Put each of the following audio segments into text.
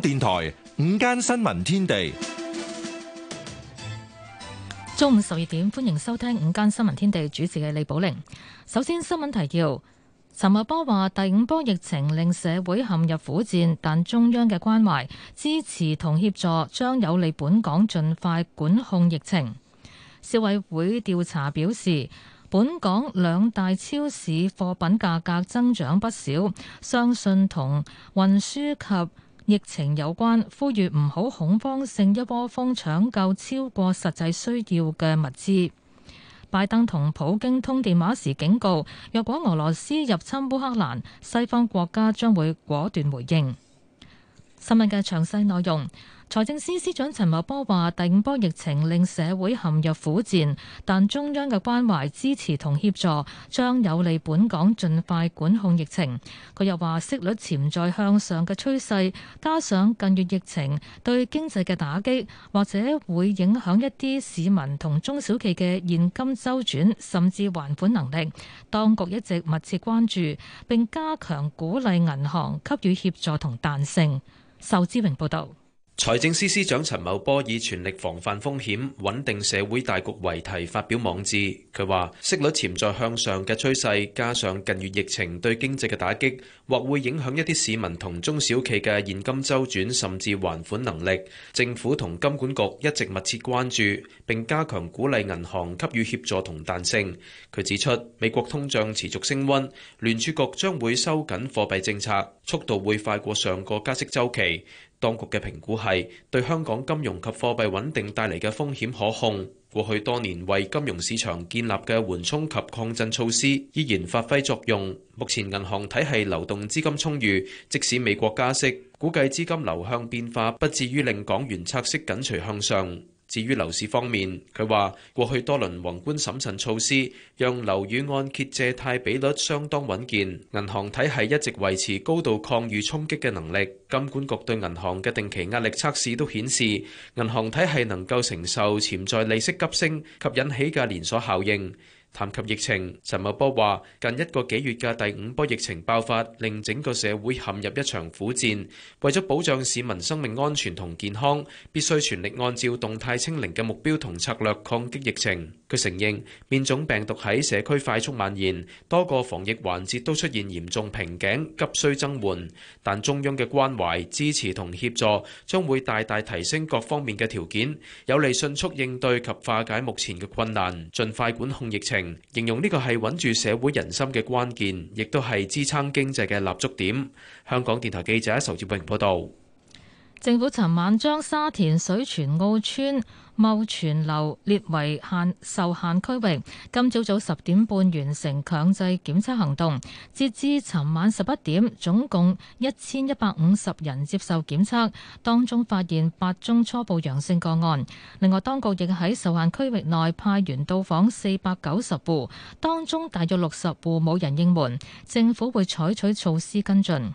電台午間新聞天地，中午十二點，歡迎收聽午間新聞天地，主持嘅李寶玲。首先新聞提要：陳茂波話第五波疫情令社會陷入苦戰，但中央嘅關懷、支持同協助將有利本港盡快管控疫情。消委會調查表示，本港兩大超市貨品價格增長不少，相信同運輸及疫情有關，呼籲唔好恐慌性一窩蜂搶救超過實際需要嘅物資。拜登同普京通電話時警告，若果俄羅斯入侵烏克蘭，西方國家將會果斷回應。新聞嘅詳細內容。財政司司長陳茂波話：第五波疫情令社會陷入苦戰，但中央嘅關懷、支持同協助將有利本港盡快管控疫情。佢又話：息率潛在向上嘅趨勢，加上近月疫情對經濟嘅打擊，或者會影響一啲市民同中小企嘅現金周轉甚至還款能力。當局一直密切關注並加強鼓勵銀行給予協助同彈性。仇志榮報導。財政司司長陳茂波以「全力防範風險、穩定社會大局」為題發表網誌。佢話：息率潛在向上嘅趨勢，加上近月疫情對經濟嘅打擊，或會影響一啲市民同中小企嘅現金周轉，甚至還款能力。政府同金管局一直密切關注，並加強鼓勵銀行給予協助同彈性。佢指出，美國通脹持續升溫，聯儲局將會收緊貨幣政策，速度會快過上個加息週期。當局嘅評估係對香港金融及貨幣穩定帶嚟嘅風險可控，過去多年為金融市場建立嘅緩衝及抗震措施依然發揮作用。目前銀行體系流動資金充裕，即使美國加息，估計資金流向變化不至於令港元拆息緊隨向上。至於樓市方面，佢話過去多輪宏觀審慎措施，讓樓宇按揭借貸比率相當穩健，銀行體系一直維持高度抗御衝擊嘅能力。金管局對銀行嘅定期壓力測試都顯示，銀行體系能夠承受潛在利息急升及引起嘅連鎖效應。談及疫情，陳茂波話：近一個幾月嘅第五波疫情爆發，令整個社會陷入一場苦戰。為咗保障市民生命安全同健康，必須全力按照動態清零嘅目標同策略抗擊疫情。佢承認變種病毒喺社區快速蔓延，多個防疫環節都出現嚴重瓶頸，急需增援。但中央嘅關懷、支持同協助，將會大大提升各方面嘅條件，有利迅速應對及化解目前嘅困難，盡快管控疫情。形容呢個係穩住社會人心嘅關鍵，亦都係支撐經濟嘅立足點。香港電台記者仇志榮報道。政府尋晚將沙田水泉澳村茂泉樓列為限受限區域。今朝早十點半完成強制檢測行動，截至尋晚十一點，總共一千一百五十人接受檢測，當中發現八宗初步陽性個案。另外，當局亦喺受限區域內派員到訪四百九十戶，當中大約六十戶冇人應門，政府會採取措施跟進。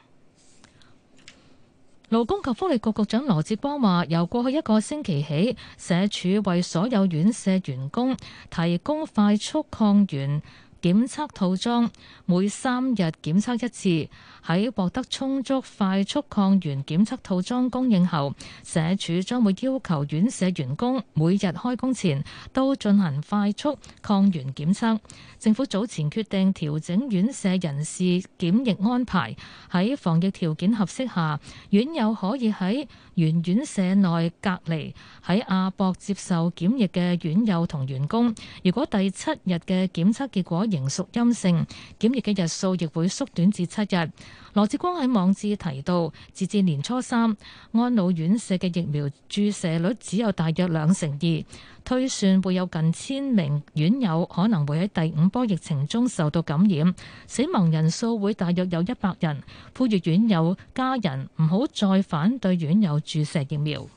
勞工及福利局局長羅致光話：由過去一個星期起，社署為所有院舍員工提供快速抗原。檢測套裝每三日檢測一次。喺獲得充足快速抗原檢測套裝供應後，社署將會要求院舍員工每日開工前都進行快速抗原檢測。政府早前決定調整院舍人士檢疫安排，喺防疫條件合適下，院友可以喺原院舍內隔離。喺亞博接受檢疫嘅院友同員工，如果第七日嘅檢測結果仍屬陰性，檢疫嘅日數亦會縮短至七日。羅志光喺網誌提到，截至年初三，安老院舍嘅疫苗注射率只有大約兩成二，推算會有近千名院友可能會喺第五波疫情中受到感染，死亡人數會大約有一百人，呼籲院友家人唔好再反對院友注射疫苗。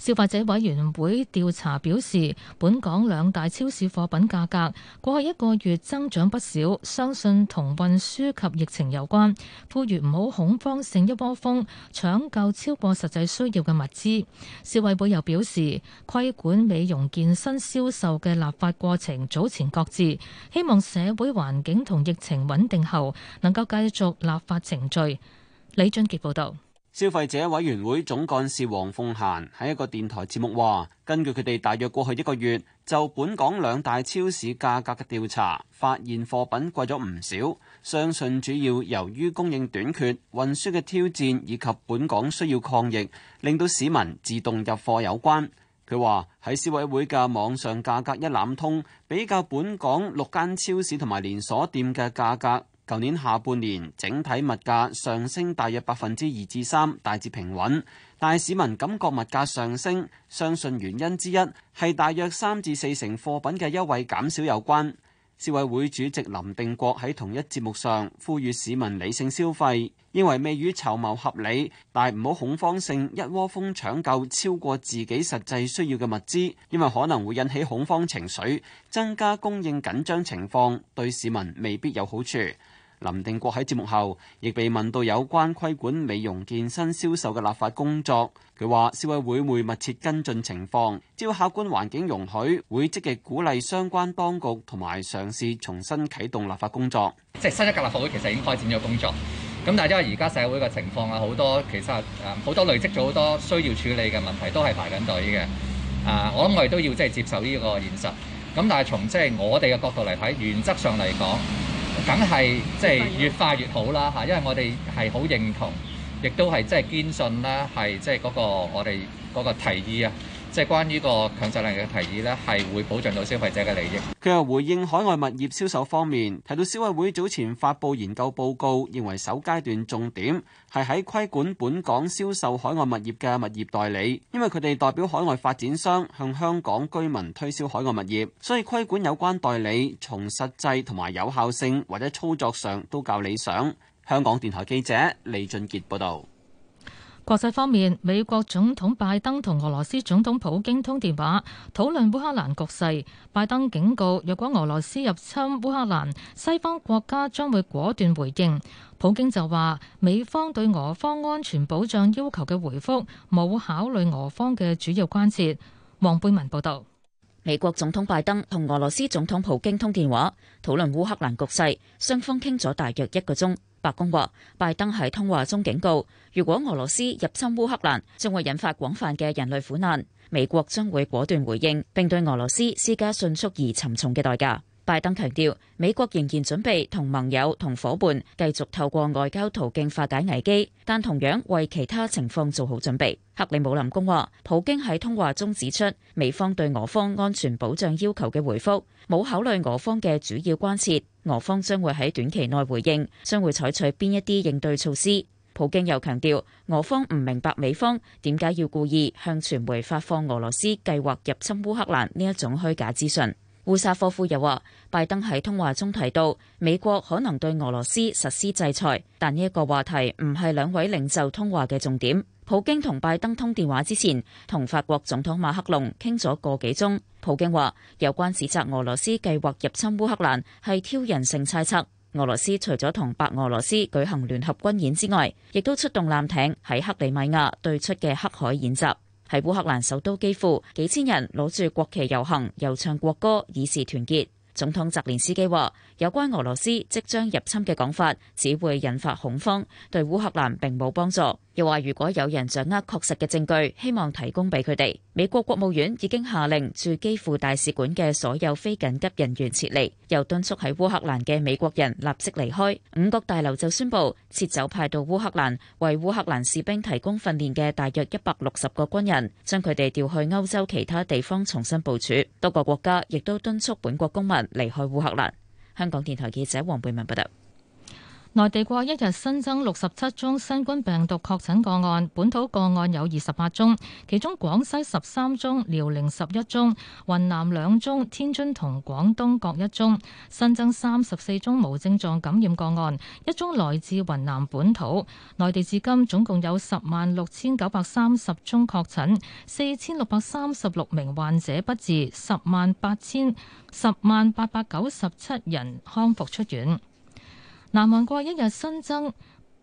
消費者委員會調查表示，本港兩大超市貨品價格過去一個月增長不少，相信同運輸及疫情有關。呼籲唔好恐慌性一窩蜂搶購超過實際需要嘅物資。消委會又表示，規管美容健身銷售嘅立法過程早前擱置，希望社會環境同疫情穩定後，能夠繼續立法程序。李俊傑報導。消費者委員會總幹事黃鳳嫻喺一個電台節目話，根據佢哋大約過去一個月就本港兩大超市價格嘅調查，發現貨品貴咗唔少，相信主要由於供應短缺、運輸嘅挑戰以及本港需要抗疫，令到市民自動入貨有關。佢話，喺消委會嘅網上價格一覽通比較本港六間超市同埋連鎖店嘅價格。舊年下半年，整體物價上升大約百分之二至三，大致平穩。但係市民感覺物價上升，相信原因之一係大約三至四成貨品嘅優惠減少有關。消委會主席林定國喺同一節目上呼籲市民理性消費，認為未雨綢繆合理，但唔好恐慌性一窩蜂搶購超過自己實際需要嘅物資，因為可能會引起恐慌情緒，增加供應緊張情況，對市民未必有好處。林定國喺節目後亦被問到有關規管美容健身銷售嘅立法工作，佢話消委會會密切跟進情況，只要客觀環境容許，會積極鼓勵相關當局同埋嘗試重新啟動立法工作。即係新一屆立法會其實已經開展咗工作，咁但係因為而家社會嘅情況啊，好多其實誒好多累積咗好多需要處理嘅問題，都係排緊隊嘅。啊，我諗我哋都要即係接受呢個現實。咁但係從即係我哋嘅角度嚟睇，原則上嚟講。梗係即係越快越好啦嚇，因為我哋係好認同，亦都係即係堅信啦，係即係嗰個我哋嗰個提議啊。即係關於個強制令嘅提議咧，係會保障到消費者嘅利益。佢又回應海外物業銷售方面，提到消委會早前發布研究報告，認為首階段重點，係喺規管本港銷售海外物業嘅物業代理，因為佢哋代表海外發展商向香港居民推銷海外物業，所以規管有關代理從實際同埋有效性或者操作上都較理想。香港電台記者李俊杰報道。國際方面，美國總統拜登同俄羅斯總統普京通電話，討論烏克蘭局勢。拜登警告，若果俄羅斯入侵烏克蘭，西方國家將會果斷回應。普京就話，美方對俄方安全保障要求嘅回覆冇考慮俄方嘅主要關切。黃貝文報道。美國總統拜登同俄羅斯總統普京通電話，討論烏克蘭局勢，雙方傾咗大約一個鐘。白宮話，拜登喺通話中警告，如果俄羅斯入侵烏克蘭，將會引發廣泛嘅人類苦難。美國將會果斷回應，並對俄羅斯施加迅速而沉重嘅代價。拜登強調，美國仍然準備同盟友同伙伴繼續透過外交途徑化解危機，但同樣為其他情況做好準備。克里姆林宮話，普京喺通話中指出，美方對俄方安全保障要求嘅回覆冇考慮俄方嘅主要關切，俄方將會喺短期內回應，將會採取邊一啲應對措施。普京又強調，俄方唔明白美方點解要故意向傳媒發放俄羅斯計劃入侵烏克蘭呢一種虛假資訊。烏沙科夫又話，拜登喺通話中提到美國可能對俄羅斯實施制裁，但呢一個話題唔係兩位領袖通話嘅重點。普京同拜登通電話之前，同法國總統馬克龍傾咗個幾鐘。普京話，有關指責俄羅斯計劃入侵烏克蘭係挑釁性猜測。俄羅斯除咗同白俄羅斯舉行聯合軍演之外，亦都出動艦艇喺克里米亞對出嘅黑海演習。喺烏克蘭首都基輔，幾千人攞住國旗遊行，又唱國歌，以示團結。總統澤連斯基話，有關俄羅斯即將入侵嘅講法，只會引發恐慌，對烏克蘭並冇幫助。又話如果有人掌握確實嘅證據，希望提供俾佢哋。美國國務院已經下令駐基輔大使館嘅所有非緊急人員撤離，又敦促喺烏克蘭嘅美國人立即離開。五角大樓就宣布撤走派到烏克蘭為烏克蘭士兵提供訓練嘅大約一百六十個軍人，將佢哋調去歐洲其他地方重新部署。多個國家亦都敦促本國公民離開烏克蘭。香港電台記者黃貝文報道。內地過一日新增六十七宗新冠病毒確診個案，本土個案有二十八宗，其中廣西十三宗，遼寧十一宗，雲南兩宗，天津同廣東各一宗。新增三十四宗無症狀感染個案，一宗來自雲南本土。內地至今總共有十萬六千九百三十宗確診，四千六百三十六名患者不治，十萬八千十萬八百九十七人康復出院。南韓國一日新增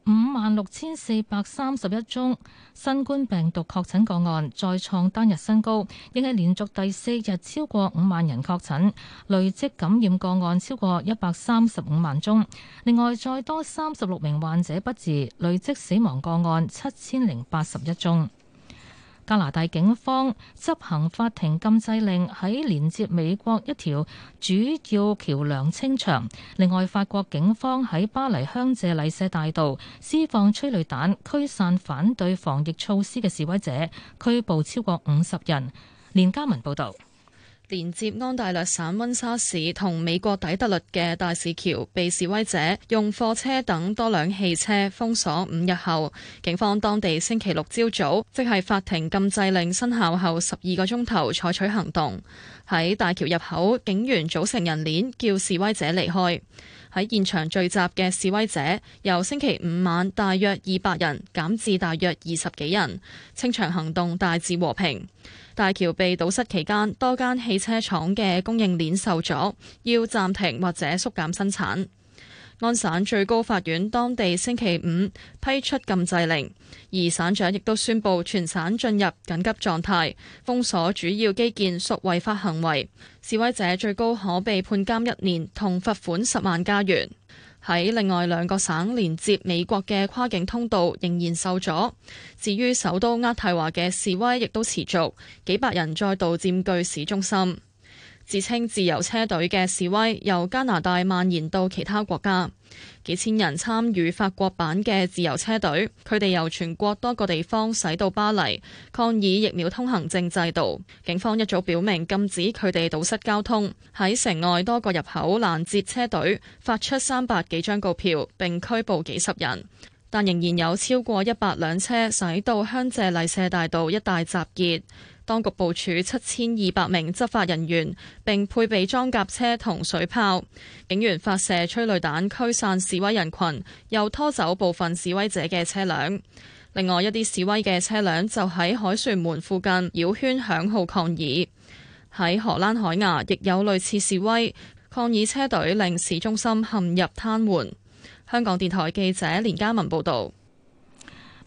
五萬六千四百三十一宗新冠病毒確診個案，再創單日新高，亦係連續第四日超過五萬人確診，累積感染個案超過一百三十五萬宗。另外，再多三十六名患者不治，累積死亡個案七千零八十一宗。加拿大警方執行法庭禁制令，喺連接美國一條主要橋梁清場。另外，法國警方喺巴黎香榭麗舍大道施放催淚彈，驅散反對防疫措施嘅示威者，拘捕超過五十人。連家文報道。連接安大略省溫莎市同美國底特律嘅大使橋，被示威者用貨車等多輛汽車封鎖五日後，警方當地星期六朝早，即係法庭禁制令生效後十二個鐘頭採取行動。喺大橋入口，警員組成人鏈叫示威者離開。喺現場聚集嘅示威者由星期五晚大約二百人減至大約二十幾人。清場行動大致和平。大橋被堵塞期間，多間汽車廠嘅供應鏈受阻，要暫停或者縮減生產。安省最高法院當地星期五批出禁制令，而省長亦都宣布全省進入緊急狀態，封鎖主要基建屬違法行為，示威者最高可被判監一年同罰款十萬加元。喺另外兩個省連接美國嘅跨境通道仍然受阻。至於首都渥太華嘅示威亦都持續，幾百人再度佔據市中心。自稱自由車隊嘅示威由加拿大蔓延到其他國家，幾千人參與法國版嘅自由車隊，佢哋由全國多個地方駛到巴黎，抗議疫苗通行證制度。警方一早表明禁止佢哋堵塞交通，喺城外多個入口攔截車隊，發出三百幾張告票，並拘捕幾十人。但仍然有超過一百輛車駛到香榭麗舍大道一帶集結，當局部署七千二百名執法人員，並配備裝甲車同水炮，警員發射催淚彈驅散示威人群，又拖走部分示威者嘅車輛。另外一啲示威嘅車輛就喺凱旋門附近繞圈響號抗議。喺荷蘭海牙，亦有類似示威抗議車隊，令市中心陷入癱瘓。香港電台記者連嘉文報道。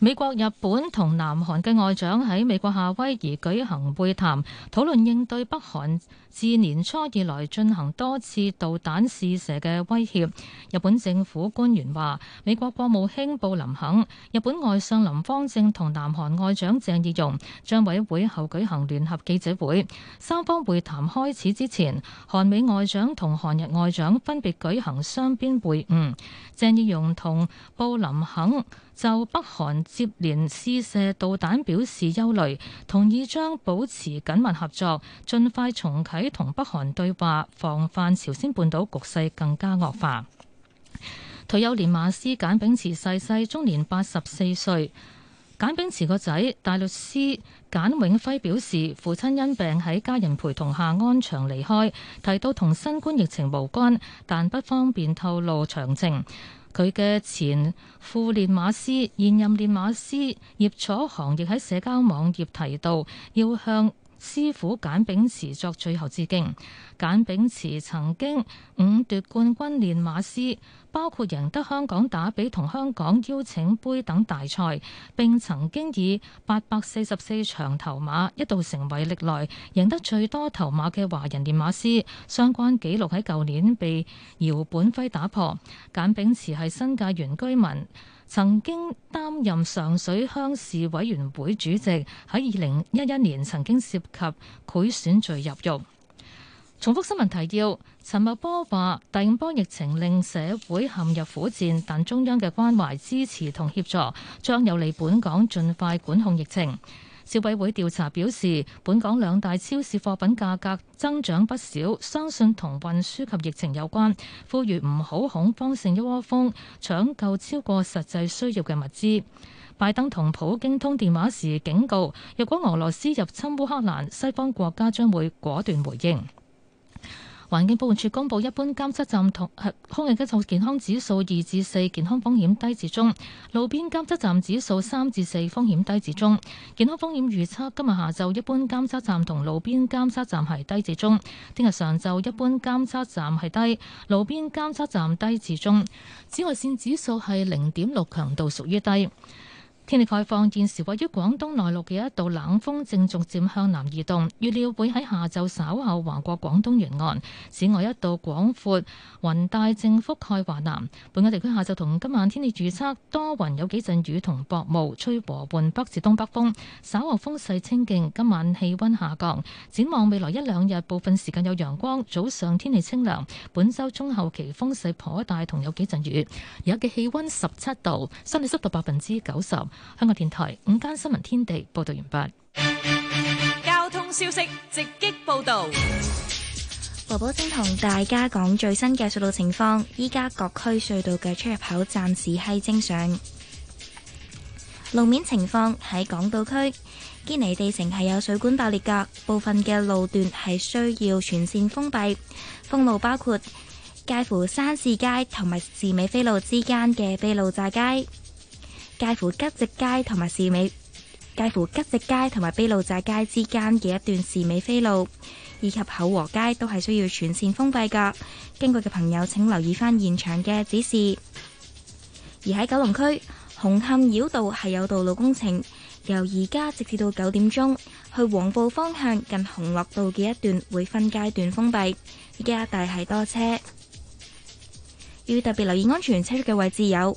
美國、日本同南韓嘅外長喺美國夏威夷舉行會談，討論應對北韓自年初以來進行多次導彈試射嘅威脅。日本政府官員話，美國國務卿布林肯、日本外相林芳正同南韓外長鄭義溶將會會後舉行聯合記者會。三方會談開始之前，韓美外長同韓日外長分別舉行雙邊會晤。鄭義溶同布林肯就北韓接連試射導彈表示憂慮，同意將保持緊密合作，盡快重啟同北韓對話，防範朝鮮半島局勢更加惡化。 退休練馬師簡炳池逝世，世，世，終年八十四歲。簡炳池個仔大律師簡永輝表示，父親因病喺家人陪同下安詳離開，提到同新冠疫情無關，但不方便透露詳情。佢嘅前副練馬師，現任練馬師葉楚航亦喺社交網頁提到，要向。師傅簡炳墀作最後致敬。簡炳墀曾經五奪冠軍練馬師，包括贏得香港打比同香港邀請杯等大賽，並曾經以八百四十四場頭馬一度成為歷來贏得最多頭馬嘅華人練馬師。相關紀錄喺舊年被姚本輝打破。簡炳墀係新界原居民。曾經擔任上水鄉事委員會主席，喺二零一一年曾經涉及賄選罪入獄。重複新聞提要，陳茂波話：第五波疫情令社會陷入苦戰，但中央嘅關懷、支持同協助，將有利本港盡快管控疫情。消委會調查表示，本港兩大超市貨品價格增長不少，相信同運輸及疫情有關。呼籲唔好恐慌性一窩蜂搶購超過實際需要嘅物資。拜登同普京通電話時警告，若果俄羅斯入侵烏克蘭，西方國家將會果斷回應。環境保護署公布一般監測站同空氣質素健康指數二至四，健康風險低至中；路邊監測站指數三至四，風險低至中。健康風險預測今日下晝一般監測站同路邊監測站係低至中，聽日上晝一般監測站係低，路邊監測站低至中。紫外線指數係零點六，強度屬於低。天氣概況，現時位於廣東內陸嘅一道冷鋒正逐漸向南移動，預料會喺下晝稍後橫過廣東沿岸。此外一度廣闊，一道廣闊雲帶正覆蓋華南。本港地區下晝同今晚天氣預測多雲，有幾陣雨同薄霧，吹和緩北至東北風，稍後風勢清勁。今晚氣溫下降。展望未來一兩日，部分時間有陽光，早上天氣清涼。本周中後期風勢頗大，同有幾陣雨。而家嘅氣溫十七度，相對濕度百分之九十。香港電台午間新聞天地報道完畢。交通消息直擊報道，羅寶先同大家講最新嘅隧道情況。依家各區隧道嘅出入口暫時係正常。路面情況，喺港島區堅尼地城係有水管爆裂噶部分嘅路段係需要全線封閉封路，包括介乎山市街同埋士美菲路之間嘅卑路乍街。介乎吉席街同埋士美，介乎吉席街同埋卑路乍街之間嘅一段士美飛路，以及厚和街都係需要全線封閉噶。經過嘅朋友請留意翻現場嘅指示。而喺九龍區紅磡繞道係有道路工程，由而家直至到九點鐘，去黃埔方向近紅鸞道嘅一段會分階段封閉，而家一帶係多車，要特別留意安全車速嘅位置有。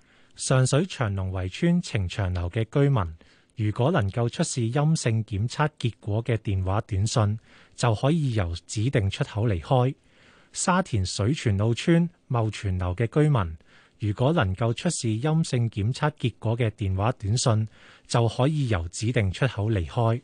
上水長龍圍村呈長樓嘅居民，如果能夠出示陰性檢測結果嘅電話短信，就可以由指定出口離開。沙田水泉路村茂泉樓嘅居民，如果能夠出示陰性檢測結果嘅電話短信，就可以由指定出口離開。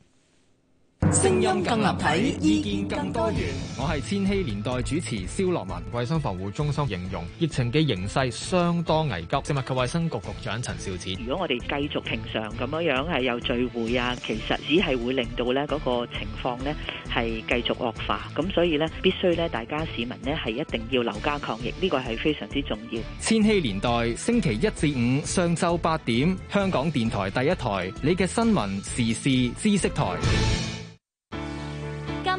聲音更立體，意見更多元。我係千禧年代主持蕭樂文。衛生防護中心形容疫情嘅形勢相當危急。食物及衛生局局長陳肇始：如果我哋繼續平常咁樣樣係有聚會啊,其實只係會令到呢嗰個情況呢係繼續惡化。咁所以呢，必須呢大家市民呢係一定要留家抗疫，呢、呢個係非常之重要。千禧年代星期一至五上晝八點，香港電台第一台，你嘅新聞時事知識台。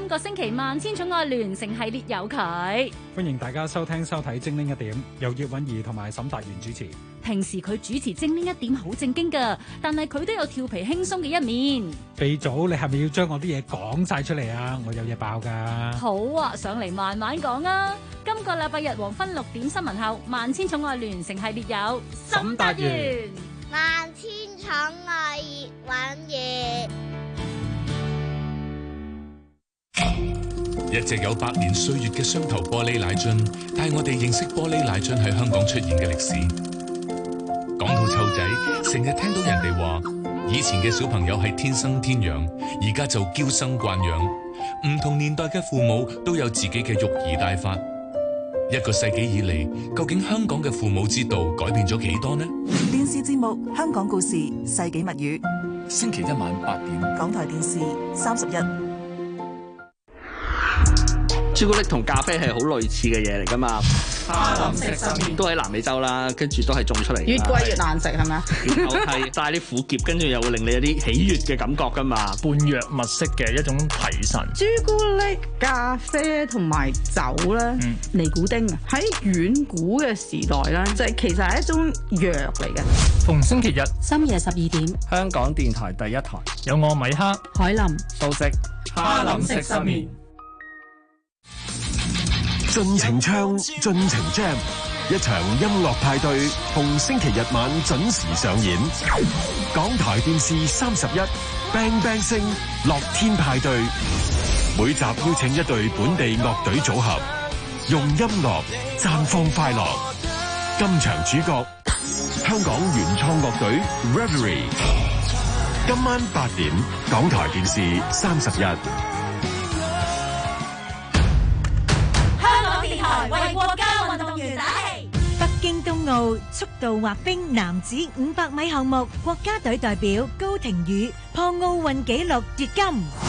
個星期萬千寵愛聯成系列有佢，歡迎大家收聽收睇《精靈一點》，由葉韻儀同埋沈達元主持。平時佢主持《精靈一點》好正經噶，但係佢都有調皮輕鬆嘅一面。肥祖，你係咪要將我啲嘢講晒出嚟啊？我有嘢爆噶。好啊，上嚟慢慢講啊。今、這個禮拜日黃昏六點新聞後，萬千寵愛聯成系列有沈達元。萬千寵愛葉韻儀。一隻有百年歲月嘅雙頭玻璃奶樽，帶我哋認識玻璃奶樽喺香港出現嘅歷史。講到湊仔，成日聽到人哋話，以前嘅小朋友係天生天養，而家就嬌生慣養。唔同年代嘅父母都有自己嘅育兒大法。一個世紀以嚟，究竟香港嘅父母之道改變咗幾多呢？電視節目《香港故事》世紀物語，星期一晚八點，港台電視三十一。朱古力同咖啡係好類似嘅嘢嚟噶嘛？哈林食失眠都喺南美洲啦，跟住都係種出嚟。越貴越難食係咪啊？係是，帶啲苦澀， 跟住又會令你有啲喜悅嘅感覺噶嘛。半藥物式嘅一種提神。朱古力、咖啡同埋酒咧，嗯、尼古丁喺遠古嘅時代咧，就係、其實係一種藥嚟嘅。逢星期日深夜十二點，香港電台第一台有我米哈、海林、素食哈林食失眠。盡情唱，盡情 jam，一場音樂派對，逢星期日晚準時上演。港台電視三十一，Bang Bang 聲，樂天派對。每集邀請一對本地樂隊組合，用音樂綻放快樂。今場主角，香港原創樂隊 Reverie。今晚八點，港台電視三十一。速度滑冰男子五百米項目，國家隊代表高亭宇破奧運紀錄奪金。